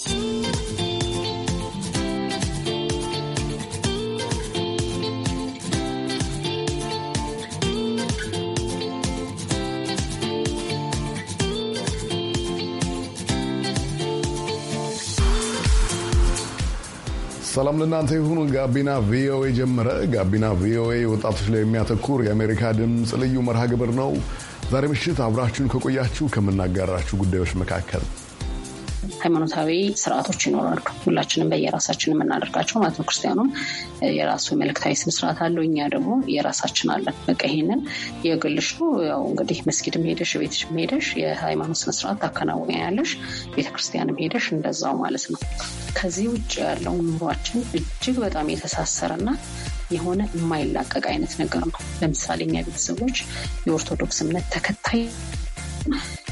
ሰላም ለእናንተ ይሁን። ጋቢና ቪኦኤ ጀመረ። ጋቢና ቪኦኤ ወጣቶች ላይ የሚያተኩር የአሜሪካ ድምፅ ልዩ መርሃ ግብር ነው። ዛሬ ምሽት አብራችሁን ከቆያችሁ ከምናጋራችሁ ጉዳዮች መካከል ሃይማኖታዊ ስርዓቶች ይኖራሉ። ሁላችንም በየራሳችን የምናደርጋቸው ማለት ነው። ክርስቲያኑም የራሱ መልክታዊ ስነስርዓት አለው። እኛ ደግሞ የራሳችን አለን። በቃ ይሄንን የግልሽ ነው። ያው እንግዲህ መስጊድም ሄደሽ ቤትሽም ሄደሽ የሃይማኖት ስነስርዓት ታከናውኛለሽ። ቤተክርስቲያንም ሄደሽ እንደዛው ማለት ነው። ከዚህ ውጭ ያለው ኑሯችን እጅግ በጣም የተሳሰረና የሆነ የማይላቀቅ አይነት ነገር ነው። ለምሳሌ እኛ ቤተሰቦች የኦርቶዶክስ እምነት ተከታይ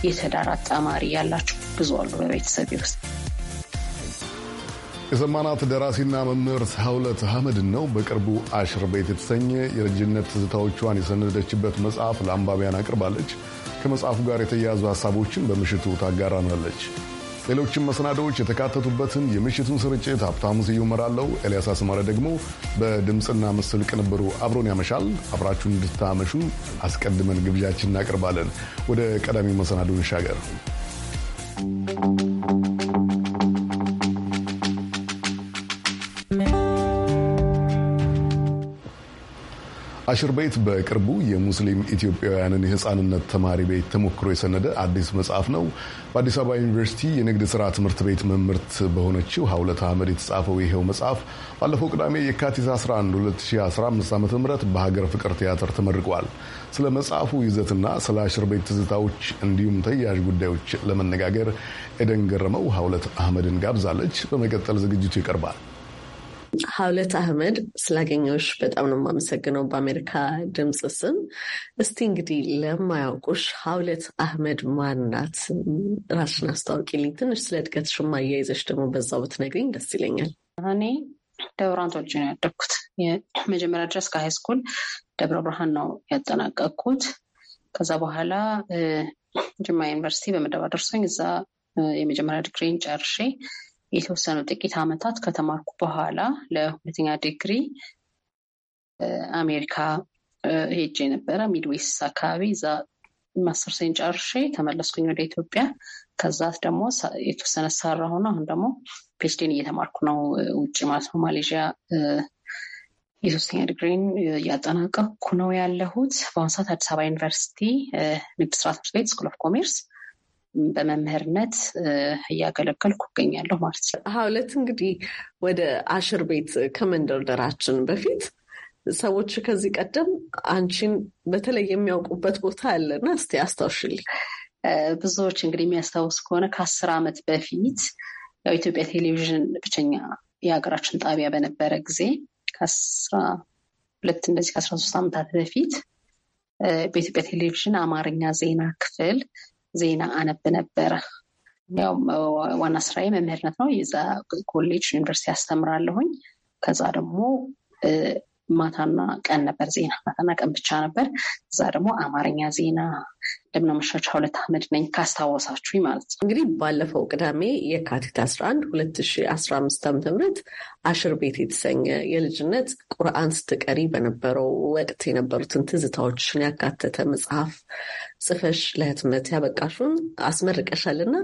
የትዳር አጣማሪ ያላቸው ብዙ አሉ በቤተሰብ ውስጥ። የሰማናት ደራሲና መምህርት ሀውለት አህመድን ነው። በቅርቡ አሽር ቤት የተሰኘ የልጅነት ትዝታዎቿን የሰነደችበት መጽሐፍ ለአንባቢያን አቅርባለች። ከመጽሐፉ ጋር የተያያዙ ሀሳቦችን በምሽቱ ታጋራናለች። ሌሎችም መሰናዶዎች የተካተቱበትን የምሽቱን ስርጭት ሀብታሙ ስዩ እመራለሁ። ኤልያስ አስማረ ደግሞ በድምፅና ምስል ቅንብሩ አብሮን ያመሻል። አብራችሁን እንድታመሹ አስቀድመን ግብዣችን እናቀርባለን። ወደ ቀዳሚው መሰናዶ እንሻገር። አሽር ቤት በቅርቡ የሙስሊም ኢትዮጵያውያንን የህፃንነት ተማሪ ቤት ተሞክሮ የሰነደ አዲስ መጽሐፍ ነው። በአዲስ አበባ ዩኒቨርሲቲ የንግድ ስራ ትምህርት ቤት መምህርት በሆነችው ሀውለት አህመድ የተጻፈው ይኸው መጽሐፍ ባለፈው ቅዳሜ የካቲት 11 2015 ዓ ም በሀገር ፍቅር ቲያትር ተመርቋል። ስለ መጽሐፉ ይዘትና ስለ አሽር ቤት ትዝታዎች እንዲሁም ተያያዥ ጉዳዮች ለመነጋገር ኤደን ገረመው ሀውለት አህመድን ጋብዛለች። በመቀጠል ዝግጅቱ ይቀርባል። ሀውለት አህመድ ስላገኘሁሽ በጣም ነው የማመሰግነው በአሜሪካ ድምፅ ስም። እስቲ እንግዲህ ለማያውቁሽ ሀውለት አህመድ ማናት? ራስሽን አስታውቂልኝ። ትንሽ ስለ እድገትሽም አያይዘሽ ደግሞ በዛው ብትነግሪኝ ደስ ይለኛል። እኔ ደብራንቶች ነው ያደግኩት። የመጀመሪያ ድረስ ከሃይስኩል ደብረ ብርሃን ነው ያጠናቀቅኩት። ከዛ በኋላ ጅማ ዩኒቨርሲቲ በመደባ ደርሶኝ እዛ የመጀመሪያ ዲግሪን ጨርሼ የተወሰኑ ጥቂት ዓመታት ከተማርኩ በኋላ ለሁለተኛ ዲግሪ አሜሪካ ሄጄ ነበረ። ሚድዌስ አካባቢ እዛ ማስተር ሴን ጨርሼ ተመለስኩኝ ወደ ኢትዮጵያ። ከዛት ደግሞ የተወሰነ ሰራ ሆነ። አሁን ደግሞ ፒኤችዲን እየተማርኩ ነው ውጭ ማለት ነው ማሌዥያ የሶስተኛ ዲግሪን እያጠናቀኩ ነው ያለሁት። በአሁኑ ሰዓት አዲስ አበባ ዩኒቨርሲቲ ንግድ ስራ ትምህርት ቤት ስኩል ኦፍ ኮሜርስ በመምህርነት እያገለገልኩ እገኛለሁ ማለት ነው። ሀውለት እንግዲህ ወደ አሽር ቤት ከመንደርደራችን በፊት ሰዎች ከዚህ ቀደም አንቺን በተለይ የሚያውቁበት ቦታ አለና እስቲ አስታውሽልኝ። ብዙዎች እንግዲህ የሚያስታውስ ከሆነ ከአስር ዓመት በፊት ያው ኢትዮጵያ ቴሌቪዥን ብቸኛ የሀገራችን ጣቢያ በነበረ ጊዜ ከአስራ ሁለት እንደዚህ ከአስራ ሶስት ዓመታት በፊት በኢትዮጵያ ቴሌቪዥን አማርኛ ዜና ክፍል ዜና አነብ ነበረ። ያው ዋና ስራዬ መምህርነት ነው። የዛ ኮሌጅ ዩኒቨርሲቲ ያስተምራለሁኝ። ከዛ ደግሞ ማታና ቀን ነበር ዜና፣ ማታና ቀን ብቻ ነበር። እዛ ደግሞ አማርኛ ዜና እንደምናመሻች ሁለት አህመድ ነኝ ካስታወሳችሁኝ ማለት ነው። እንግዲህ ባለፈው ቅዳሜ የካቲት 11 2015 ዓ.ም አሽር ቤት የተሰኘ የልጅነት ቁርአን ስትቀሪ በነበረው ወቅት የነበሩትን ትዝታዎችን ያካተተ መጽሐፍ ጽፈሽ ለህትመት ያበቃሹን አስመርቀሻል እና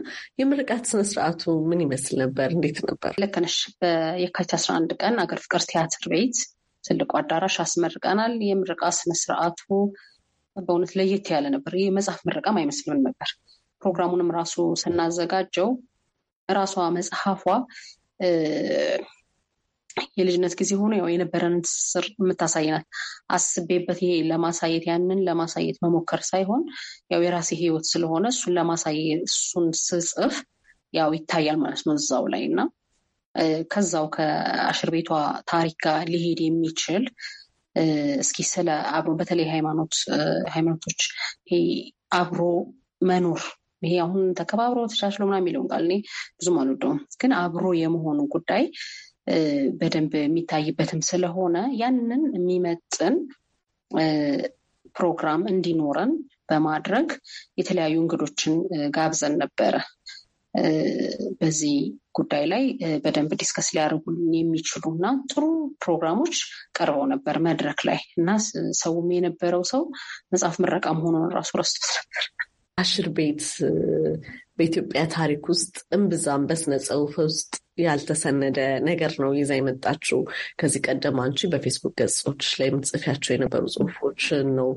የምርቃት ስነስርዓቱ ምን ይመስል ነበር? እንዴት ነበር? ልክ ነሽ። የካቲት 11 ቀን አገር ፍቅር ቲያትር ቤት ትልቁ አዳራሽ አስመርቀናል። የምረቃ ስነስርዓቱ በእውነት ለየት ያለ ነበር። ይህ መጽሐፍ ምርቃም አይመስልም ነበር። ፕሮግራሙንም ራሱ ስናዘጋጀው ራሷ መጽሐፏ የልጅነት ጊዜ ሆኖ ያው የነበረን ስር የምታሳይናት አስቤበት ይሄ ለማሳየት ያንን ለማሳየት መሞከር ሳይሆን ያው የራሴ ህይወት ስለሆነ እሱን ለማሳየት እሱን ስጽፍ ያው ይታያል ማለት ነው እዛው ላይ እና ከዛው ከአሽር ቤቷ ታሪክ ጋር ሊሄድ የሚችል እስኪ ስለ አብሮ በተለይ ሃይማኖት ሃይማኖቶች አብሮ መኖር ይሄ አሁን ተከባብሮ ተቻችሎ ምናምን የሚለውን ቃል እኔ ብዙም አልወደውም፣ ግን አብሮ የመሆኑ ጉዳይ በደንብ የሚታይበትም ስለሆነ ያንን የሚመጥን ፕሮግራም እንዲኖረን በማድረግ የተለያዩ እንግዶችን ጋብዘን ነበረ። በዚህ ጉዳይ ላይ በደንብ ዲስከስ ሊያደርጉልን የሚችሉ እና ጥሩ ፕሮግራሞች ቀርበው ነበር መድረክ ላይ እና ሰውም የነበረው ሰው መጽሐፍ ምረቃም ሆኖ ራሱ ረስቶት ነበር። አሽር ቤት በኢትዮጵያ ታሪክ ውስጥ እምብዛም በስነ ጽሁፍ ውስጥ ያልተሰነደ ነገር ነው ይዛ የመጣችው። ከዚህ ቀደም አንቺ በፌስቡክ ገጾች ላይ የምትጽፊያቸው የነበሩ ጽሁፎችን ነው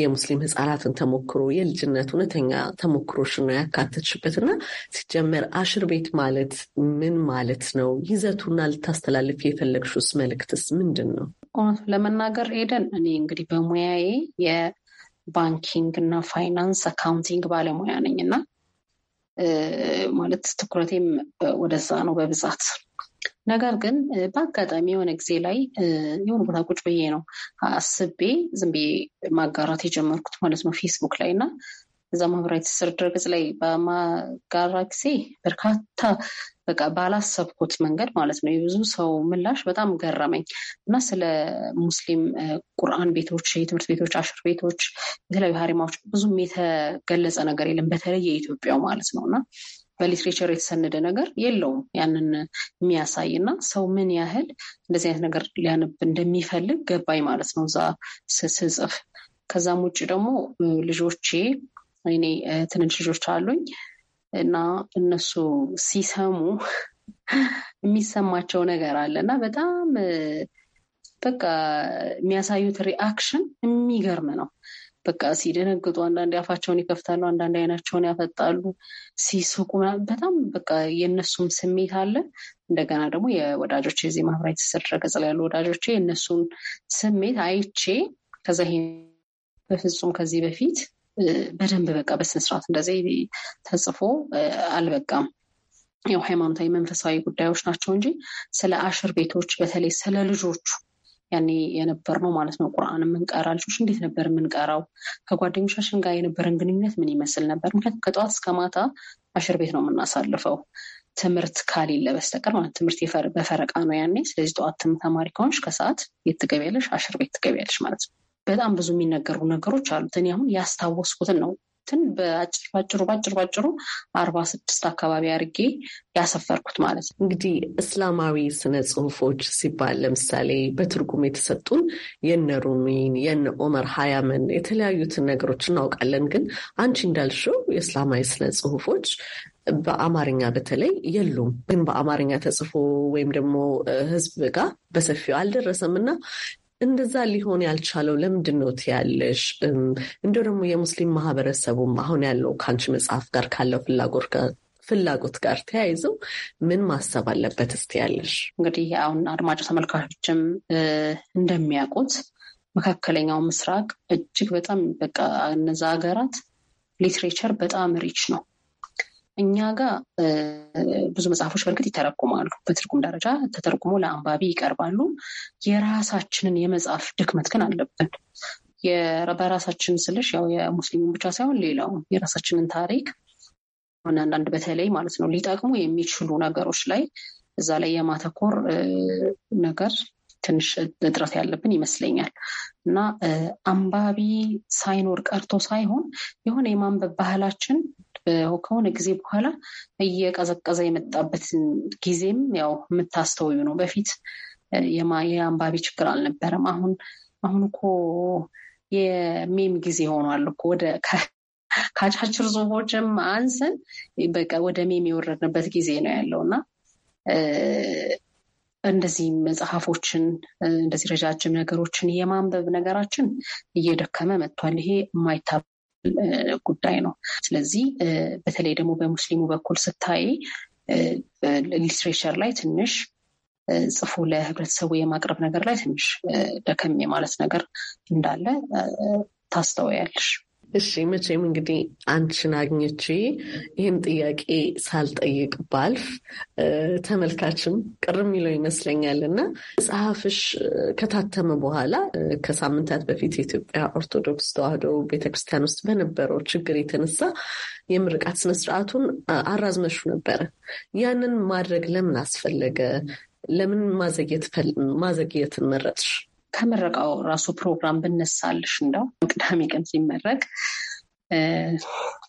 የሙስሊም ህጻናትን ተሞክሮ የልጅነት እውነተኛ ተሞክሮች ነው ያካተችበት እና ሲጀመር አሽር ቤት ማለት ምን ማለት ነው? ይዘቱና ልታስተላልፍ የፈለግሽውስ መልእክትስ ምንድን ነው? እውነቱን ለመናገር ኤደን፣ እኔ እንግዲህ በሙያዬ ባንኪንግ እና ፋይናንስ አካውንቲንግ ባለሙያ ነኝ እና ማለት ትኩረቴም ወደዛ ነው በብዛት። ነገር ግን በአጋጣሚ የሆነ ጊዜ ላይ የሆነ ቦታ ቁጭ ብዬ ነው አስቤ ዝም ብዬ ማጋራት የጀመርኩት ማለት ነው ፌስቡክ ላይ እና እዛ ማህበራዊ ትስስር ድረገጽ ላይ በማጋራ ጊዜ በርካታ በቃ ባላሰብኩት መንገድ ማለት ነው የብዙ ሰው ምላሽ በጣም ገረመኝ እና ስለ ሙስሊም ቁርአን ቤቶች፣ የትምህርት ቤቶች፣ አሽር ቤቶች፣ የተለያዩ ሀሪማዎች ብዙም የተገለጸ ነገር የለም በተለይ የኢትዮጵያው ማለት ነው እና በሊትሬቸር የተሰነደ ነገር የለውም ያንን የሚያሳይ እና ሰው ምን ያህል እንደዚህ አይነት ነገር ሊያነብ እንደሚፈልግ ገባኝ ማለት ነው እዛ ስጽፍ። ከዛም ውጭ ደግሞ ልጆቼ እኔ ትንንሽ ልጆች አሉኝ እና እነሱ ሲሰሙ የሚሰማቸው ነገር አለ እና በጣም በቃ የሚያሳዩት ሪአክሽን የሚገርም ነው። በቃ ሲደነግጡ አንዳንዴ አፋቸውን ይከፍታሉ፣ አንዳንዴ አይናቸውን ያፈጣሉ፣ ሲስቁ በጣም በቃ የእነሱም ስሜት አለ። እንደገና ደግሞ የወዳጆች የዚህ ማህበራዊ ትስስር ድረገጽ ላይ ያሉ ወዳጆች የእነሱን ስሜት አይቼ ከዛ በፍጹም ከዚህ በፊት በደንብ በቃ በስነስርዓት እንደዚህ ተጽፎ አልበቃም። ያው ሃይማኖታዊ መንፈሳዊ ጉዳዮች ናቸው እንጂ ስለ አሽር ቤቶች በተለይ ስለ ልጆቹ ያኔ የነበር ነው ማለት ነው። ቁርአን የምንቀራ ልጆች እንዴት ነበር የምንቀራው? ከጓደኞቻችን ጋር የነበረን ግንኙነት ምን ይመስል ነበር? ምክንያቱም ከጠዋት እስከ ማታ አሽር ቤት ነው የምናሳልፈው ትምህርት ካሌለ በስተቀር ማለት ትምህርት በፈረቃ ነው ያኔ። ስለዚህ ጠዋት ተማሪ ከሆንሽ ከሰዓት የት ትገቢያለሽ? አሽር ቤት ትገቢያለሽ ማለት ነው። በጣም ብዙ የሚነገሩ ነገሮች አሉት። እኔ አሁን ያስታወስኩትን ነው ትን በአጭር ባጭሩ ባጭር ባጭሩ አርባ ስድስት አካባቢ አድርጌ ያሰፈርኩት ማለት ነው። እንግዲህ እስላማዊ ስነ ጽሁፎች ሲባል ለምሳሌ በትርጉም የተሰጡን የነ ሩሚን የነ ኦመር ሀያምን የተለያዩትን ነገሮች እናውቃለን። ግን አንቺ እንዳልሽው የእስላማዊ ስነ ጽሁፎች በአማርኛ በተለይ የሉም። ግን በአማርኛ ተጽፎ ወይም ደግሞ ህዝብ ጋር በሰፊው አልደረሰም እና እንደዛ ሊሆን ያልቻለው ለምንድን ነው ትያለሽ? እንደው ደግሞ የሙስሊም ማህበረሰቡም አሁን ያለው ከአንቺ መጽሐፍ ጋር ካለው ፍላጎት ጋር ፍላጎት ጋር ተያይዘው ምን ማሰብ አለበት እስቲ ያለሽ? እንግዲህ አሁን አድማጭ ተመልካቾችም እንደሚያውቁት መካከለኛው ምስራቅ እጅግ በጣም በቃ እነዛ ሀገራት ሊትሬቸር በጣም ሪች ነው። እኛ ጋር ብዙ መጽሐፎች በእርግጥ ይተረጉማሉ። በትርጉም ደረጃ ተተርጉሞ ለአንባቢ ይቀርባሉ። የራሳችንን የመጽሐፍ ድክመት ግን አለብን። በራሳችን ስልሽ ያው የሙስሊሙን ብቻ ሳይሆን ሌላው የራሳችንን ታሪክ አንዳንድ በተለይ ማለት ነው ሊጠቅሙ የሚችሉ ነገሮች ላይ እዛ ላይ የማተኮር ነገር ትንሽ እጥረት ያለብን ይመስለኛል እና አንባቢ ሳይኖር ቀርቶ ሳይሆን የሆነ የማንበብ ባህላችን ከሆነ ጊዜ በኋላ እየቀዘቀዘ የመጣበትን ጊዜም ያው የምታስተውዩ ነው። በፊት የአንባቢ ችግር አልነበረም። አሁን አሁን እኮ የሜም ጊዜ ሆኗል እኮ ወደ ከአጫጭር ጽሁፎችም አንስን በቃ ወደ ሜም የወረድንበት ጊዜ ነው ያለው እና እንደዚህ መጽሐፎችን እንደዚህ ረጃጅም ነገሮችን የማንበብ ነገራችን እየደከመ መጥቷል። ይሄ የማይታበል ጉዳይ ነው። ስለዚህ በተለይ ደግሞ በሙስሊሙ በኩል ስታይ ሊትሬቸር ላይ ትንሽ ጽፎ ለህብረተሰቡ የማቅረብ ነገር ላይ ትንሽ ደከም የማለት ነገር እንዳለ ታስተውያለሽ። እሺ መቼም እንግዲህ አንቺን አግኝቼ ይህን ጥያቄ ሳልጠይቅ ባልፍ ተመልካችም ቅር የሚለው ይመስለኛል እና መጽሐፍሽ ከታተመ በኋላ ከሳምንታት በፊት የኢትዮጵያ ኦርቶዶክስ ተዋህዶ ቤተክርስቲያን ውስጥ በነበረው ችግር የተነሳ የምርቃት ስነስርዓቱን አራዝመሹ ነበረ። ያንን ማድረግ ለምን አስፈለገ? ለምን ማዘግየት መረጥሽ? ከምረቃው ራሱ ፕሮግራም ብነሳልሽ እንደው ቅዳሜ ቀን ሲመረቅ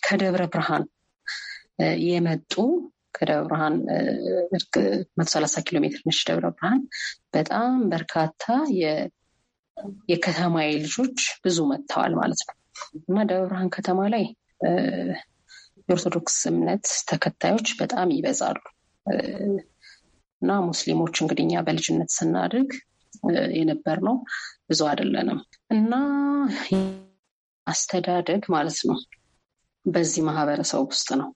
ከደብረ ብርሃን የመጡ ከደብረ ብርሃን መቶ ሰላሳ ኪሎ ሜትር ነች ደብረ ብርሃን። በጣም በርካታ የከተማዬ ልጆች ብዙ መጥተዋል ማለት ነው እና ደብረ ብርሃን ከተማ ላይ የኦርቶዶክስ እምነት ተከታዮች በጣም ይበዛሉ እና ሙስሊሞች እንግዲህ እኛ በልጅነት ስናድግ የነበር ነው። ብዙ አይደለንም እና አስተዳደግ ማለት ነው በዚህ ማህበረሰብ ውስጥ ነው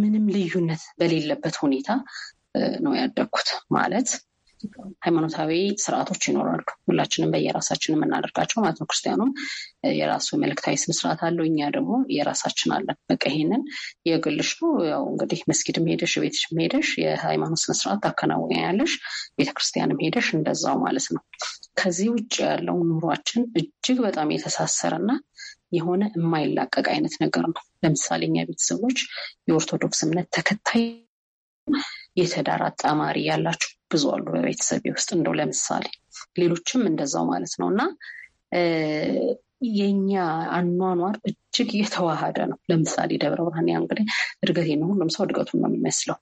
ምንም ልዩነት በሌለበት ሁኔታ ነው ያደግኩት ማለት ሃይማኖታዊ ስርዓቶች ይኖራሉ። ሁላችንም በየራሳችን የምናደርጋቸው ማለት ነው። ክርስቲያኑም የራሱ መልእክታዊ ስነስርዓት አለው። እኛ ደግሞ የራሳችን አለን። በቃ ይሄንን የግልሽ ነው። ያው እንግዲህ መስጊድም ሄደሽ ቤትሽም ሄደሽ የሃይማኖት ስነስርዓት ታከናውኛለሽ። ቤተክርስቲያንም ሄደሽ እንደዛው ማለት ነው። ከዚህ ውጭ ያለው ኑሯችን እጅግ በጣም የተሳሰረና የሆነ የማይላቀቅ አይነት ነገር ነው። ለምሳሌ እኛ ቤተሰቦች የኦርቶዶክስ እምነት ተከታይ የተዳር አጣማሪ ያላቸው ብዙ አሉ በቤተሰብ ውስጥ እንደው ለምሳሌ ሌሎችም እንደዛው ማለት ነው እና የኛ አኗኗር እጅግ የተዋሃደ ነው። ለምሳሌ ደብረ ብርሃን ያ እንግዲህ እድገቴን ነው ሁሉም ሰው እድገቱን ነው የሚመስለው፣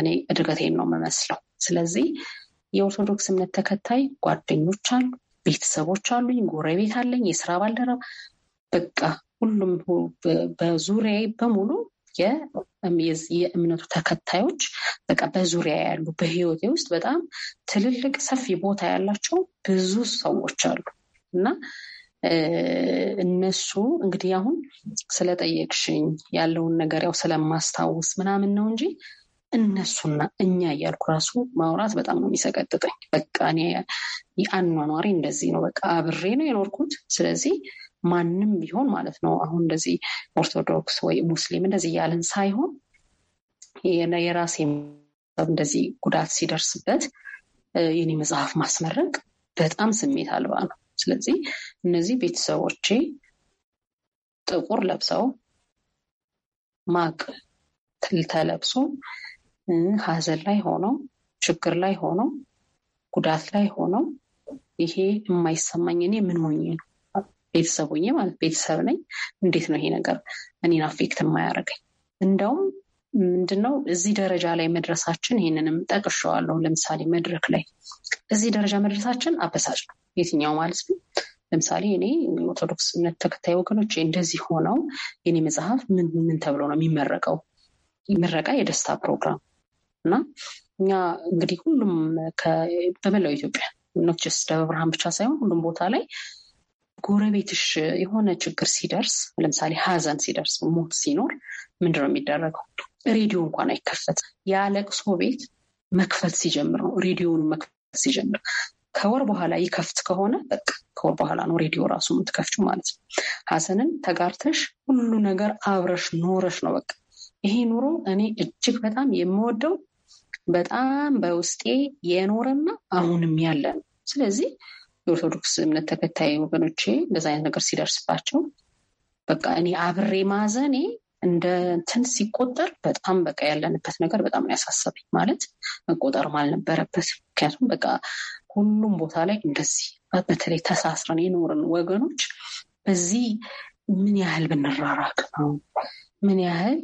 እኔ እድገቴን ነው የምመስለው። ስለዚህ የኦርቶዶክስ እምነት ተከታይ ጓደኞች አሉ፣ ቤተሰቦች አሉኝ፣ ጎረቤት አለኝ፣ የስራ ባልደረባ በቃ ሁሉም በዙሪያዬ በሙሉ የእምነቱ ተከታዮች በቃ በዙሪያ ያሉ በህይወቴ ውስጥ በጣም ትልልቅ ሰፊ ቦታ ያላቸው ብዙ ሰዎች አሉ እና እነሱ እንግዲህ አሁን ስለጠየቅሽኝ ያለውን ነገር ያው ስለማስታውስ ምናምን ነው እንጂ እነሱና እኛ እያልኩ ራሱ ማውራት በጣም ነው የሚሰቀጥጠኝ። በቃ እኔ የአኗኗሪ እንደዚህ ነው። በቃ አብሬ ነው የኖርኩት። ስለዚህ ማንም ቢሆን ማለት ነው። አሁን እንደዚህ ኦርቶዶክስ ወይ ሙስሊም እንደዚህ እያለን ሳይሆን የራሴ እንደዚህ ጉዳት ሲደርስበት የኔ መጽሐፍ ማስመረቅ በጣም ስሜት አልባ ነው። ስለዚህ እነዚህ ቤተሰቦቼ ጥቁር ለብሰው ማቅ ተለብሶ ሀዘን ላይ ሆነው ችግር ላይ ሆነው ጉዳት ላይ ሆነው ይሄ የማይሰማኝ እኔ ምን ሆኜ ነው? ቤተሰብ ሆኜ ማለት ቤተሰብ ነኝ። እንዴት ነው ይሄ ነገር እኔን አፌክት የማያደርገኝ? እንደውም ምንድነው እዚህ ደረጃ ላይ መድረሳችን ይህንንም ጠቅሸዋለሁ። ለምሳሌ መድረክ ላይ እዚህ ደረጃ መድረሳችን አበሳጭ ነው። የትኛው ማለት ነው ለምሳሌ እኔ ኦርቶዶክስ እምነት ተከታይ ወገኖች እንደዚህ ሆነው የኔ መጽሐፍ ምን ምን ተብሎ ነው የሚመረቀው? ምረቃ የደስታ ፕሮግራም እና እኛ እንግዲህ ሁሉም በመላው ኢትዮጵያ ኖችስ ደብረ ብርሃን ብቻ ሳይሆን ሁሉም ቦታ ላይ ጎረቤትሽ የሆነ ችግር ሲደርስ፣ ለምሳሌ ሀዘን ሲደርስ፣ ሞት ሲኖር ምንድን ነው የሚደረገው? ሬዲዮ እንኳን አይከፈትም። ያለቅሶ ቤት መክፈት ሲጀምር ነው ሬዲዮን መክፈት ሲጀምር ከወር በኋላ ይከፍት ከሆነ በቃ ከወር በኋላ ነው ሬዲዮ ራሱ የምትከፍችው ማለት ነው። ሀዘንን ተጋርተሽ ሁሉ ነገር አብረሽ ኖረሽ ነው በቃ ይሄ ኑሮ እኔ እጅግ በጣም የምወደው በጣም በውስጤ የኖረና አሁንም ያለ ነው። ስለዚህ የኦርቶዶክስ እምነት ተከታይ ወገኖቼ እንደዚ አይነት ነገር ሲደርስባቸው በቃ እኔ አብሬ ማዘኔ እንደ እንትን ሲቆጠር በጣም በቃ ያለንበት ነገር በጣም ያሳሰብኝ ማለት መቆጠርም አልነበረበት። ምክንያቱም በቃ ሁሉም ቦታ ላይ እንደዚህ በተለይ ተሳስረን የኖርን ወገኖች በዚህ ምን ያህል ብንራራቅ ነው? ምን ያህል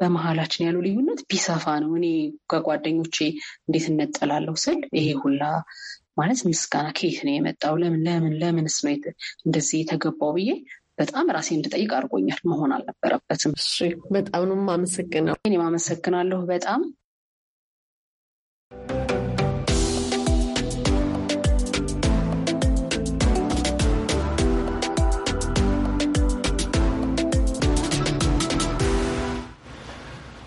በመሀላችን ያለው ልዩነት ቢሰፋ ነው? እኔ ከጓደኞቼ እንዴት እነጠላለሁ ስል ይሄ ሁላ ማለት ምስጋና ከየት ነው የመጣው? ለምን ለምን ለምንስ ነው እንደዚህ የተገባው ብዬ በጣም ራሴ እንድጠይቅ አድርጎኛል። መሆን አልነበረበትም። በጣም ነው የማመሰግነው። እኔም አመሰግናለሁ በጣም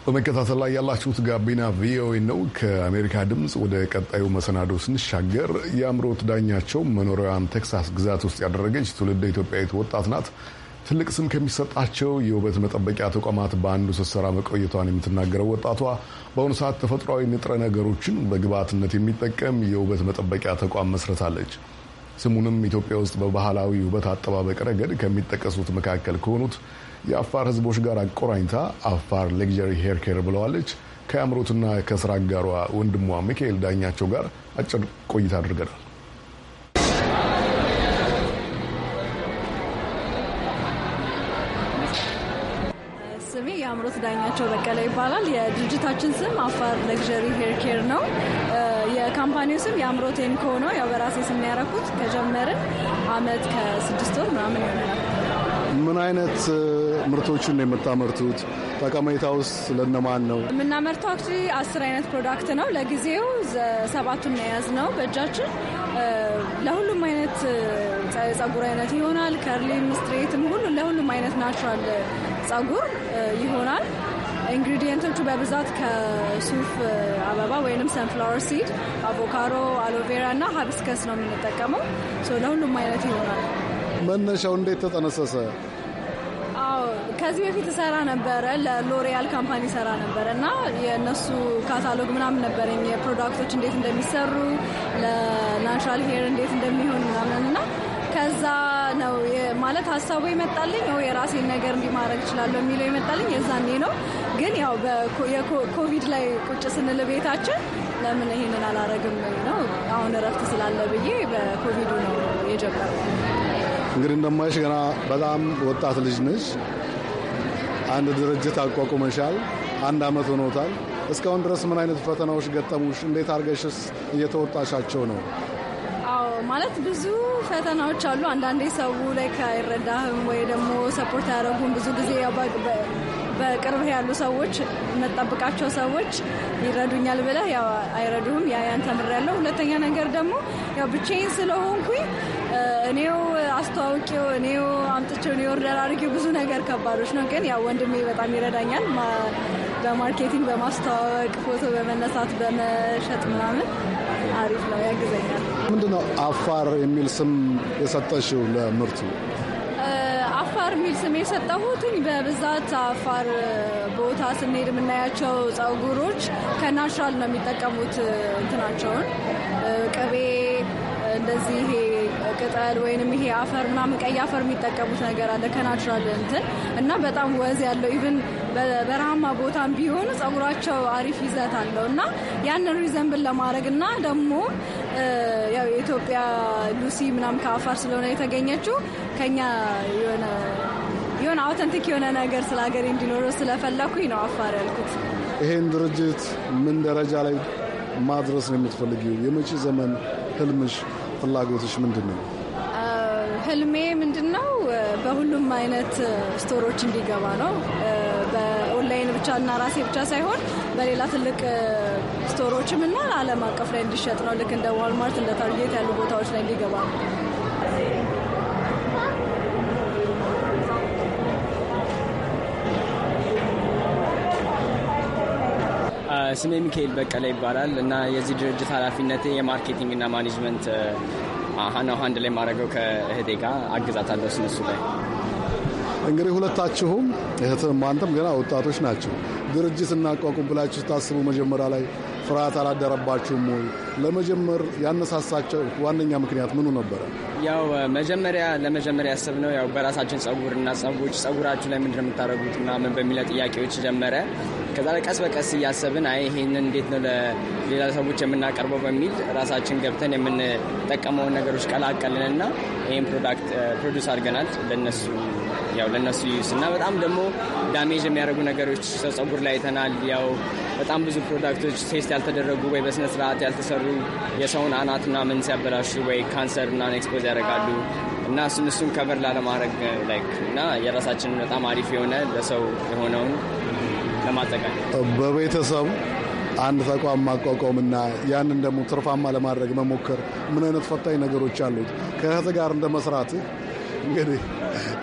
በመከታተል ላይ ያላችሁት ጋቢና ቪኦኤ ነው። ከአሜሪካ ድምፅ ወደ ቀጣዩ መሰናዶ ስንሻገር የአእምሮት ዳኛቸው መኖሪያዋን ቴክሳስ ግዛት ውስጥ ያደረገች ትውልደ ኢትዮጵያዊት ወጣት ናት። ትልቅ ስም ከሚሰጣቸው የውበት መጠበቂያ ተቋማት በአንዱ ስትሰራ መቆየቷን የምትናገረው ወጣቷ በአሁኑ ሰዓት ተፈጥሯዊ ንጥረ ነገሮችን በግብዓትነት የሚጠቀም የውበት መጠበቂያ ተቋም መስረታለች። ስሙንም ኢትዮጵያ ውስጥ በባህላዊ ውበት አጠባበቅ ረገድ ከሚጠቀሱት መካከል ከሆኑት የአፋር ህዝቦች ጋር አቆራኝታ አፋር ሌግጀሪ ሄር ኬር ብለዋለች። ከአምሮትና ከስራ አጋሯ ወንድሟ ሚካኤል ዳኛቸው ጋር አጭር ቆይታ አድርገናል። ስሜ ዳኛቸው በቀለ ይባላል። የድርጅታችን ስም አፋር ሌግጀሪ ሄር ኬር ነው። የካምፓኒው ስም የአእምሮት ኤንኮ ነው። ያው በራሴ ስም ያረኩት ከጀመርን አመት ከስድስት ወር ምናምን ይሆናል። ምን አይነት ምርቶችን ነው የምታመርቱት? ጠቀሜታ ውስጥ ለነማን ነው የምናመርተው? አክ አስር አይነት ፕሮዳክት ነው ለጊዜው ሰባቱን የያዝ ነው በእጃችን ለሁሉም አይነት ጸጉር አይነት ይሆናል። ከርሊም፣ ስትሬትም ሁሉ ለሁሉም አይነት ናቹራል ጸጉር ይሆናል። ኢንግሪዲየንቶቹ በብዛት ከሱፍ አበባ ወይም ሰንፍላወር ሲድ፣ አቮካዶ፣ አሎቬራ እና ሀብስከስ ነው የምንጠቀመው። ለሁሉም አይነት ይሆናል። መነሻው እንዴት ተጠነሰሰ? ከዚህ በፊት እሰራ ነበረ፣ ለሎሪያል ካምፓኒ ሰራ ነበረ እና የእነሱ ካታሎግ ምናምን ነበረኝ የፕሮዳክቶች እንዴት እንደሚሰሩ ለናቹራል ሄር እንዴት እንደሚሆን ምናምን እና ከዛ ነው ማለት ሀሳቡ ይመጣልኝ የራሴን ነገር እንዲማድረግ እችላለሁ የሚለው ይመጣልኝ የዛኔ ነው። ግን ያው የኮቪድ ላይ ቁጭ ስንል ቤታችን ለምን ይሄንን አላረግም ነው አሁን እረፍት ስላለ ብዬ በኮቪዱ ነው የጀመረው። እንግዲህ እንደማይሽ ገና በጣም ወጣት ልጅ ነች። አንድ ድርጅት አቋቁመሻል፣ አንድ አመት ሆኖታል። እስካሁን ድረስ ምን አይነት ፈተናዎች ገጠሙሽ? እንዴት አድርገሽስ እየተወጣሻቸው ነው? አዎ ማለት ብዙ ፈተናዎች አሉ። አንዳንዴ ሰው ላይ አይረዳህም ወይ ደግሞ ሰፖርት አያደረጉም። ብዙ ጊዜ በቅርብ ያሉ ሰዎች የምጠብቃቸው ሰዎች ይረዱኛል ብለህ ያው አይረዱህም። ያ ያን ተምሬያለሁ። ሁለተኛ ነገር ደግሞ ያው ብቻዬን ስለሆንኩኝ እኔው አስተዋውቂው እኔው አምጥቼው እኔ ወርደር አድርጌው ብዙ ነገር ከባዶች ነው። ግን ያው ወንድሜ በጣም ይረዳኛል በማርኬቲንግ በማስተዋወቅ ፎቶ በመነሳት በመሸጥ ምናምን አሪፍ ነው፣ ያግዘኛል። ምንድን ነው አፋር የሚል ስም የሰጠሽው ለምርቱ? አፋር የሚል ስም የሰጠሁትኝ በብዛት አፋር ቦታ ስንሄድ የምናያቸው ጸጉሮች ከናሽራል ነው የሚጠቀሙት እንትናቸውን ቅቤ እንደዚህ ይሄ ቅጠል ወይንም ይሄ አፈር ምናምን ቀይ አፈር የሚጠቀሙት ነገር አለ ከናቹራል እንትን እና በጣም ወዝ ያለው ኢቭን በረሃማ ቦታም ቢሆኑ ጸጉራቸው አሪፍ ይዘት አለው እና ያንን ሪዘንብን ለማድረግ እና ደግሞ ያው የኢትዮጵያ ሉሲ ምናምን ከአፋር ስለሆነ የተገኘችው ከኛ የሆነ የሆነ አውተንቲክ የሆነ ነገር ስለ ሀገሬ እንዲኖረው ስለፈለኩኝ ነው አፋር ያልኩት። ይሄን ድርጅት ምን ደረጃ ላይ ማድረስ ነው የምትፈልጊው? የመጪ ዘመን ህልምሽ ፍላጎትሽ ምንድን ነው? ህልሜ ምንድን ነው? በሁሉም አይነት ስቶሮች እንዲገባ ነው። በኦንላይን ብቻ እና ራሴ ብቻ ሳይሆን በሌላ ትልቅ ስቶሮችም እና ዓለም አቀፍ ላይ እንዲሸጥ ነው። ልክ እንደ ዋልማርት፣ እንደ ታርጌት ያሉ ቦታዎች ላይ እንዲገባ ነው። ስሜ ሚካኤል በቀለ ይባላል እና የዚህ ድርጅት ኃላፊነቴ የማርኬቲንግ እና ማኔጅመንት ነው። አንድ ላይ ማድረገው ከእህቴ ጋር አግዛታለሁ ስነሱ ላይ እንግዲህ ሁለታችሁም እህትም አንተም ገና ወጣቶች ናቸው። ድርጅት እናቋቁም ብላችሁ ስታስቡ መጀመሪያ ላይ ፍርሃት አላደረባችሁም ወይ? ለመጀመር ያነሳሳቸው ዋነኛ ምክንያት ምኑ ነበረ? ያው መጀመሪያ ለመጀመሪያ ያሰብነው ያው በራሳችን ጸጉር እና ጸጉች ጸጉራችሁ ላይ ምንድን የምታደርጉት ምናምን በሚለ ጥያቄዎች ጀመረ። ከዛ ላይ ቀስ በቀስ እያሰብን አይ ይህንን እንዴት ነው ለሌላ ሰዎች የምናቀርበው በሚል ራሳችን ገብተን የምንጠቀመውን ነገሮች ቀላቀልን ይህን ይህም ፕሮዳክት ፕሮዲስ አድርገናል ለነሱ ያው ለእነሱ ዩስ እና በጣም ደግሞ ዳሜጅ የሚያደርጉ ነገሮች ሰው ጸጉር ላይ አይተናል። ያው በጣም ብዙ ፕሮዳክቶች ቴስት ያልተደረጉ ወይ በስነ ስርዓት ያልተሰሩ የሰውን አናት ምን ሲያበላሹ ወይ ካንሰር እና ኤክስፖዝ ያደርጋሉ እና እሱን እሱን ከበር ላለማድረግ ላይክ እና የራሳችንን በጣም አሪፍ የሆነ ለሰው የሆነውን ለማጠቃለል በቤተሰቡ አንድ ተቋም ማቋቋምና ያንን ደግሞ ትርፋማ ለማድረግ መሞከር ምን አይነት ፈታኝ ነገሮች አሉት? ከእህት ጋር እንደ እንግዲህ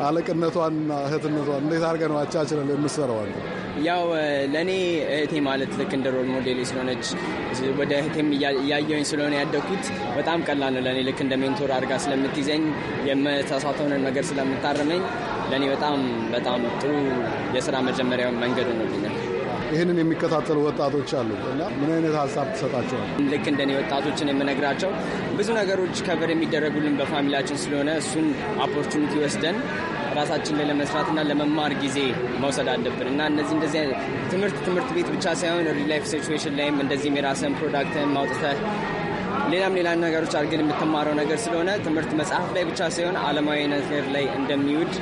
አለቅነቷንና እህትነቷን እንዴት አድርገ ነው አቻችለን የምትሰራው አንተ? ያው ለእኔ እህቴ ማለት ልክ እንደ ሮል ሞዴል ስለሆነች ወደ እህቴም እያየኝ ስለሆነ ያደኩት በጣም ቀላል ነው ለእኔ ልክ እንደ ሜንቶር አድርጋ ስለምትይዘኝ የምሳሳተውን ነገር ስለምታርመኝ ለእኔ በጣም በጣም ጥሩ የስራ መጀመሪያ መንገድ ሆኖብኛል። ይህንን የሚከታተሉ ወጣቶች አሉ እና ምን አይነት ሀሳብ ትሰጣቸዋል? ልክ እንደኔ ወጣቶችን የምነግራቸው ብዙ ነገሮች ከበር የሚደረጉልን በፋሚሊያችን ስለሆነ እሱን ኦፖርቹኒቲ ወስደን ራሳችን ላይ ለመስራትና ለመማር ጊዜ መውሰድ አለብን እና እነዚህ እንደዚህ ትምህርት ትምህርት ቤት ብቻ ሳይሆን ሪል ላይፍ ሲቹዌሽን ላይም እንደዚህም የራስን ፕሮዳክትን ማውጥተህ ሌላም ሌላ ነገሮች አድርገን የምትማረው ነገር ስለሆነ ትምህርት መጽሐፍ ላይ ብቻ ሳይሆን አለማዊ ነገር ላይ እንደሚውድ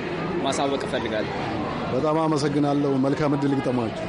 ማሳወቅ እፈልጋለሁ። በጣም አመሰግናለሁ። መልካም እድል ይግጠማችሁ።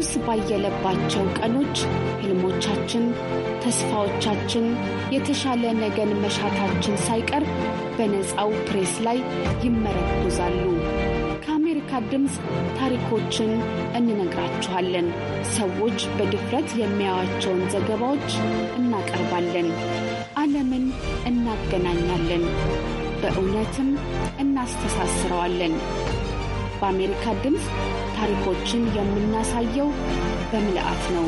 ቀውስ ባየለባቸው ቀኖች ህልሞቻችን፣ ተስፋዎቻችን፣ የተሻለ ነገን መሻታችን ሳይቀር በነፃው ፕሬስ ላይ ይመረኮዛሉ። ከአሜሪካ ድምፅ ታሪኮችን እንነግራችኋለን። ሰዎች በድፍረት የሚያዩአቸውን ዘገባዎች እናቀርባለን። ዓለምን እናገናኛለን፣ በእውነትም እናስተሳስረዋለን። በአሜሪካ ድምፅ ታሪኮችን የምናሳየው በምልአት ነው።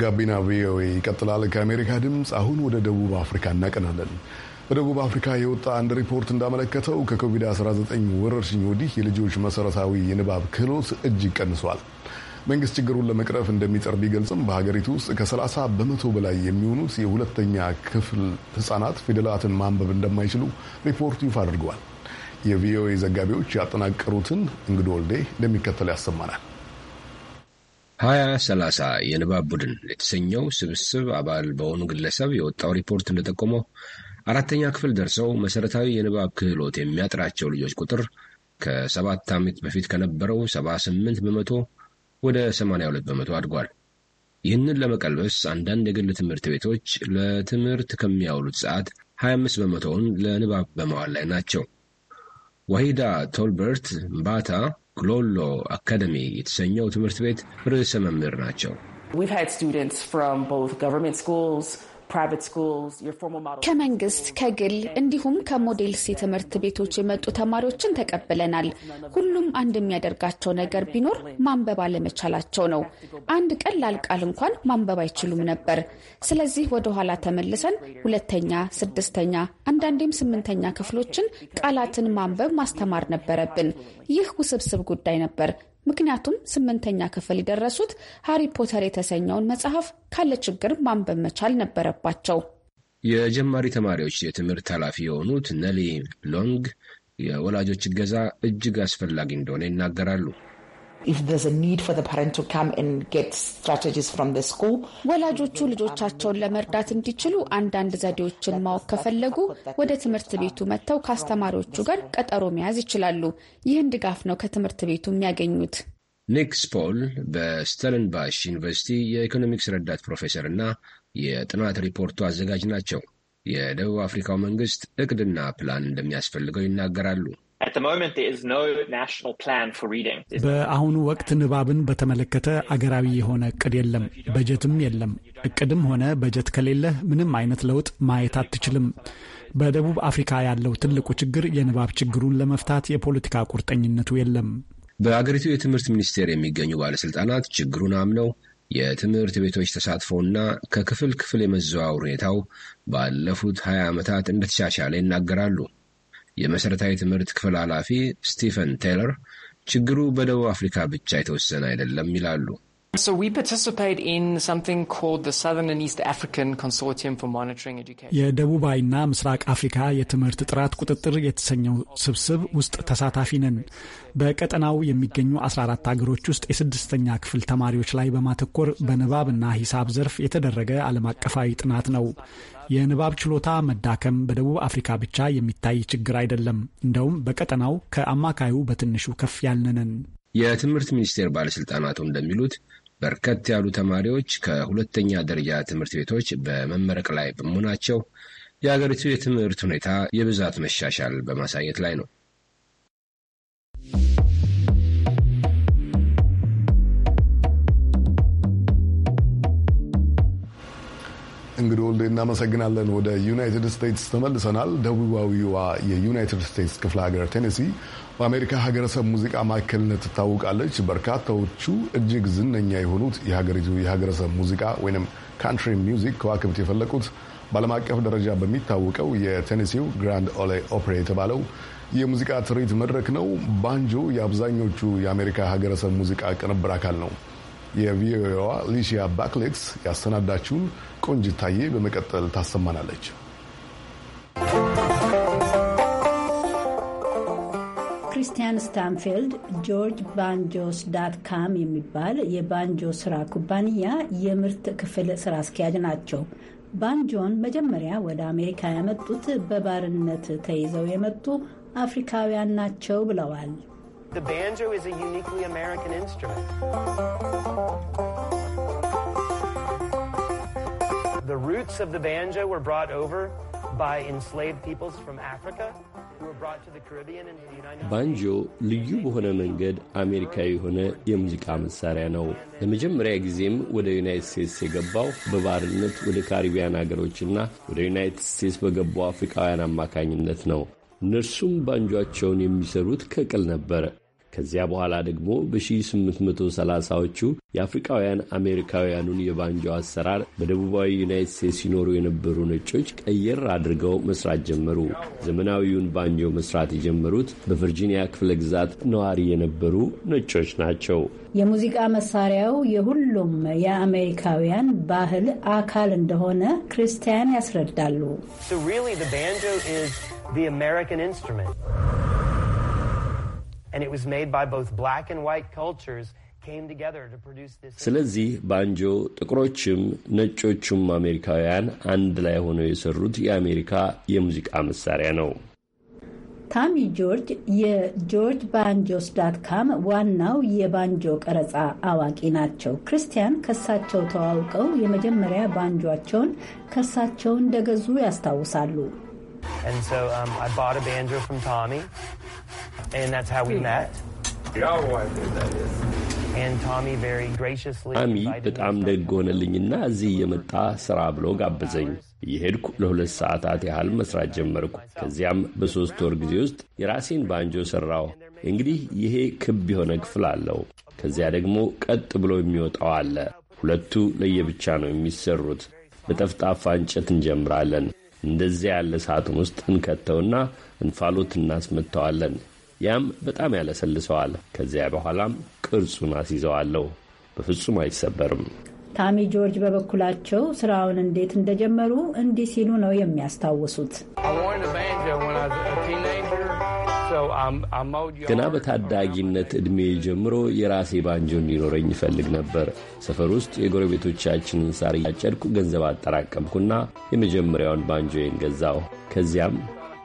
ጋቢና ቪኦኤ ይቀጥላል። ከአሜሪካ ድምፅ አሁን ወደ ደቡብ አፍሪካ እናቀናለን። በደቡብ አፍሪካ የወጣ አንድ ሪፖርት እንዳመለከተው ከኮቪድ-19 ወረርሽኝ ወዲህ የልጆች መሰረታዊ የንባብ ክህሎት እጅግ ቀንሷል። መንግስት ችግሩን ለመቅረፍ እንደሚጠር ቢገልጽም በሀገሪቱ ውስጥ ከ30 በመቶ በላይ የሚሆኑት የሁለተኛ ክፍል ህጻናት ፊደላትን ማንበብ እንደማይችሉ ሪፖርቱ ይፋ አድርገዋል። የቪኦኤ ዘጋቢዎች ያጠናቀሩትን እንግዶ ወልዴ እንደሚከተል ያሰማናል። ሀያ ሰላሳ የንባብ ቡድን የተሰኘው ስብስብ አባል በሆኑ ግለሰብ የወጣው ሪፖርት እንደጠቆመው አራተኛ ክፍል ደርሰው መሰረታዊ የንባብ ክህሎት የሚያጥራቸው ልጆች ቁጥር ከሰባት ዓመት በፊት ከነበረው 78 በመቶ ወደ 82 በመቶ አድጓል። ይህንን ለመቀልበስ አንዳንድ የግል ትምህርት ቤቶች ለትምህርት ከሚያውሉት ሰዓት 25 በመቶውን ለንባብ በማዋል ላይ ናቸው። ዋሂዳ ቶልበርት ባታ ግሎሎ አካደሚ የተሰኘው ትምህርት ቤት ርዕሰ መምህር ናቸው። ከመንግስት ከግል እንዲሁም ከሞዴልስ የትምህርት ቤቶች የመጡ ተማሪዎችን ተቀብለናል። ሁሉም አንድ የሚያደርጋቸው ነገር ቢኖር ማንበብ አለመቻላቸው ነው። አንድ ቀላል ቃል እንኳን ማንበብ አይችሉም ነበር። ስለዚህ ወደ ኋላ ተመልሰን ሁለተኛ፣ ስድስተኛ አንዳንዴም ስምንተኛ ክፍሎችን ቃላትን ማንበብ ማስተማር ነበረብን። ይህ ውስብስብ ጉዳይ ነበር። ምክንያቱም ስምንተኛ ክፍል የደረሱት ሃሪ ፖተር የተሰኘውን መጽሐፍ ካለ ችግር ማንበብ መቻል ነበረባቸው። የጀማሪ ተማሪዎች የትምህርት ኃላፊ የሆኑት ነሊ ሎንግ የወላጆች እገዛ እጅግ አስፈላጊ እንደሆነ ይናገራሉ። if there's a need for the parent to come and get strategies from the school ወላጆቹ ልጆቻቸውን ለመርዳት እንዲችሉ አንዳንድ ዘዴዎችን ማወቅ ከፈለጉ ወደ ትምህርት ቤቱ መጥተው ከአስተማሪዎቹ ጋር ቀጠሮ መያዝ ይችላሉ። ይህን ድጋፍ ነው ከትምህርት ቤቱ የሚያገኙት። ኒክስ ፖል በስተለንባሽ ዩኒቨርሲቲ የኢኮኖሚክስ ረዳት ፕሮፌሰር እና የጥናት ሪፖርቱ አዘጋጅ ናቸው። የደቡብ አፍሪካው መንግስት እቅድና ፕላን እንደሚያስፈልገው ይናገራሉ። በአሁኑ ወቅት ንባብን በተመለከተ አገራዊ የሆነ እቅድ የለም፣ በጀትም የለም። እቅድም ሆነ በጀት ከሌለህ ምንም አይነት ለውጥ ማየት አትችልም። በደቡብ አፍሪካ ያለው ትልቁ ችግር የንባብ ችግሩን ለመፍታት የፖለቲካ ቁርጠኝነቱ የለም። በአገሪቱ የትምህርት ሚኒስቴር የሚገኙ ባለስልጣናት ችግሩን አምነው የትምህርት ቤቶች ተሳትፎና ከክፍል ክፍል የመዘዋወር ሁኔታው ባለፉት 20 ዓመታት እንደተሻሻለ ይናገራሉ። የመሠረታዊ ትምህርት ክፍል ኃላፊ ስቲፈን ቴይለር ችግሩ በደቡብ አፍሪካ ብቻ የተወሰነ አይደለም ይላሉ። So we participate in something called the Southern and East African Consortium for Monitoring Education. የደቡባዊና ምስራቅ አፍሪካ የትምህርት ጥራት ቁጥጥር የተሰኘው ስብስብ ውስጥ ተሳታፊ ነን። በቀጠናው የሚገኙ 14 ሀገሮች ውስጥ የስድስተኛ ክፍል ተማሪዎች ላይ በማተኮር በንባብና ሂሳብ ዘርፍ የተደረገ ዓለም አቀፋዊ ጥናት ነው። የንባብ ችሎታ መዳከም በደቡብ አፍሪካ ብቻ የሚታይ ችግር አይደለም። እንደውም በቀጠናው ከአማካዩ በትንሹ ከፍ ያልነን። የትምህርት ሚኒስቴር ባለስልጣናቱ እንደሚሉት በርከት ያሉ ተማሪዎች ከሁለተኛ ደረጃ ትምህርት ቤቶች በመመረቅ ላይ በመሆናቸው የአገሪቱ የትምህርት ሁኔታ የብዛት መሻሻል በማሳየት ላይ ነው። እንግዲህ ወልዴ እናመሰግናለን። ወደ ዩናይትድ ስቴትስ ተመልሰናል። ደቡባዊዋ የዩናይትድ ስቴትስ ክፍለ ሀገር ቴኔሲ በአሜሪካ ሀገረሰብ ሙዚቃ ማዕከልነት ትታወቃለች። በርካታዎቹ እጅግ ዝነኛ የሆኑት የሀገሪቱ የሀገረሰብ ሙዚቃ ወይም ካንትሪ ሚውዚክ ከዋክብት የፈለቁት በዓለም አቀፍ ደረጃ በሚታወቀው የቴኔሲው ግራንድ ኦሌ ኦፕሬ የተባለው የሙዚቃ ትርኢት መድረክ ነው። ባንጆ የአብዛኞቹ የአሜሪካ ሀገረሰብ ሙዚቃ ቅንብር አካል ነው። የቪኦኤዋ ሊሺያ ባክሌክስ ያሰናዳችውን ቆንጅታዬ በመቀጠል ታሰማናለች። ክሪስቲያን ስታንፌልድ ጆርጅ ባንጆስ ዳት ካም የሚባል የባንጆ ስራ ኩባንያ የምርት ክፍል ስራ አስኪያጅ ናቸው። ባንጆን መጀመሪያ ወደ አሜሪካ ያመጡት በባርነት ተይዘው የመጡ አፍሪካውያን ናቸው ብለዋል። roots of the banjo were brought over by enslaved peoples from Africa. ባንጆ ልዩ በሆነ መንገድ አሜሪካዊ የሆነ የሙዚቃ መሳሪያ ነው። ለመጀመሪያ ጊዜም ወደ ዩናይትድ ስቴትስ የገባው በባርነት ወደ ካሪቢያን አገሮችና ወደ ዩናይትድ ስቴትስ በገቡ አፍሪካውያን አማካኝነት ነው። እነርሱም ባንጆቸውን የሚሰሩት ከቅል ነበር። ከዚያ በኋላ ደግሞ በ1830ዎቹ የአፍሪካውያን አሜሪካውያኑን የባንጆ አሰራር በደቡባዊ ዩናይት ስቴትስ ሲኖሩ የነበሩ ነጮች ቀየር አድርገው መስራት ጀመሩ። ዘመናዊውን ባንጆ መስራት የጀመሩት በቨርጂኒያ ክፍለ ግዛት ነዋሪ የነበሩ ነጮች ናቸው። የሙዚቃ መሳሪያው የሁሉም የአሜሪካውያን ባህል አካል እንደሆነ ክርስቲያን ያስረዳሉ። and it was made by both black and white cultures came together to produce this. ስለዚህ ባንጆ ጥቁሮችም ነጮቹም አሜሪካውያን አንድ ላይ ሆነው የሰሩት የአሜሪካ የሙዚቃ መሳሪያ ነው። ታሚ ጆርጅ የጆርጅ ባንጆስ ዳት ካም ዋናው የባንጆ ቀረጻ አዋቂ ናቸው። ክርስቲያን ከሳቸው ተዋውቀው የመጀመሪያ ባንጆቸውን ከሳቸው እንደገዙ ያስታውሳሉ። And so um, I bought a banjo from Tommy, and that's how we hmm. met. ታሚ በጣም ደግ ሆነልኝና እዚህ እየመጣ ስራ ብሎ ጋበዘኝ። እየሄድኩ ለሁለት ሰዓታት ያህል መስራት ጀመርኩ። ከዚያም በሦስት ወር ጊዜ ውስጥ የራሴን ባንጆ ሠራው። እንግዲህ ይሄ ክብ የሆነ ክፍል አለው። ከዚያ ደግሞ ቀጥ ብሎ የሚወጣው አለ። ሁለቱ ለየብቻ ነው የሚሰሩት። በጠፍጣፋ እንጨት እንጀምራለን። እንደዚያ ያለ ሳጥን ውስጥ እንከተውና እንፋሎት እናስመጥተዋለን። ያም በጣም ያለሰልሰዋል። ከዚያ በኋላም ቅርጹን አስይዘዋለሁ። በፍጹም አይሰበርም። ታሚ ጆርጅ በበኩላቸው ስራውን እንዴት እንደጀመሩ እንዲህ ሲሉ ነው የሚያስታውሱት። ገና በታዳጊነት ዕድሜ ጀምሮ የራሴ ባንጆ እንዲኖረኝ ይፈልግ ነበር። ሰፈር ውስጥ የጎረቤቶቻችንን ሳር እያጨድኩ ገንዘብ አጠራቀምኩና የመጀመሪያውን ባንጆዬን ገዛው። ከዚያም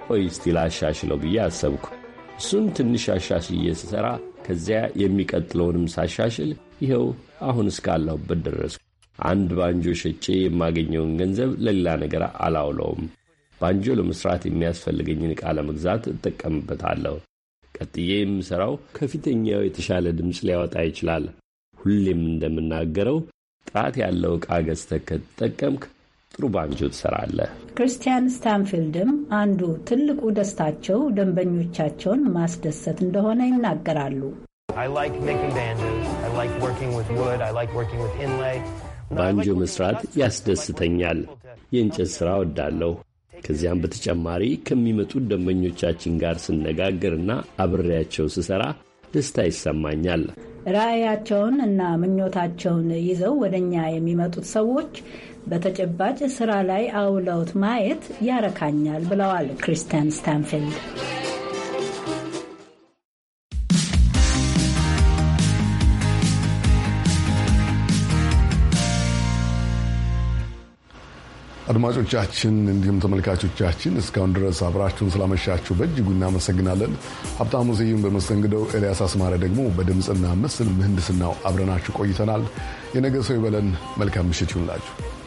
ቆይ እስቲ ላሻሽለው ብዬ አሰብኩ። እሱን ትንሽ አሻሽዬ ስሠራ ከዚያ የሚቀጥለውንም ሳሻሽል ይኸው አሁን እስካለሁበት ደረስኩ። አንድ ባንጆ ሸጬ የማገኘውን ገንዘብ ለሌላ ነገር አላውለውም። ባንጆ ለመስራት የሚያስፈልገኝን እቃ ለመግዛት እጠቀምበታለሁ። ቀጥዬ የምሠራው ከፊተኛው የተሻለ ድምፅ ሊያወጣ ይችላል። ሁሌም እንደምናገረው ጥራት ያለው እቃ ገዝተህ ከተጠቀምክ ጥሩ ባንጆ ትሰራለህ። ክርስቲያን ስታንፊልድም አንዱ ትልቁ ደስታቸው ደንበኞቻቸውን ማስደሰት እንደሆነ ይናገራሉ። ባንጆ መስራት ያስደስተኛል። የእንጨት ሥራ ወዳለሁ። ከዚያም በተጨማሪ ከሚመጡት ደንበኞቻችን ጋር ስነጋገርና አብሬያቸው ስሰራ ደስታ ይሰማኛል። ራዕያቸውን እና ምኞታቸውን ይዘው ወደ እኛ የሚመጡት ሰዎች በተጨባጭ ስራ ላይ አውለውት ማየት ያረካኛል ብለዋል ክሪስቲያን ስታንፊልድ። አድማጮቻችን እንዲሁም ተመልካቾቻችን እስካሁን ድረስ አብራችሁን ስላመሻችሁ በእጅጉ እናመሰግናለን። ሀብታሙ ስዩም በመስተንግደው፣ ኤልያስ አስማረ ደግሞ በድምፅና ምስል ምህንድስናው አብረናችሁ ቆይተናል። የነገ ሰው ይበለን። መልካም ምሽት ይሁንላችሁ።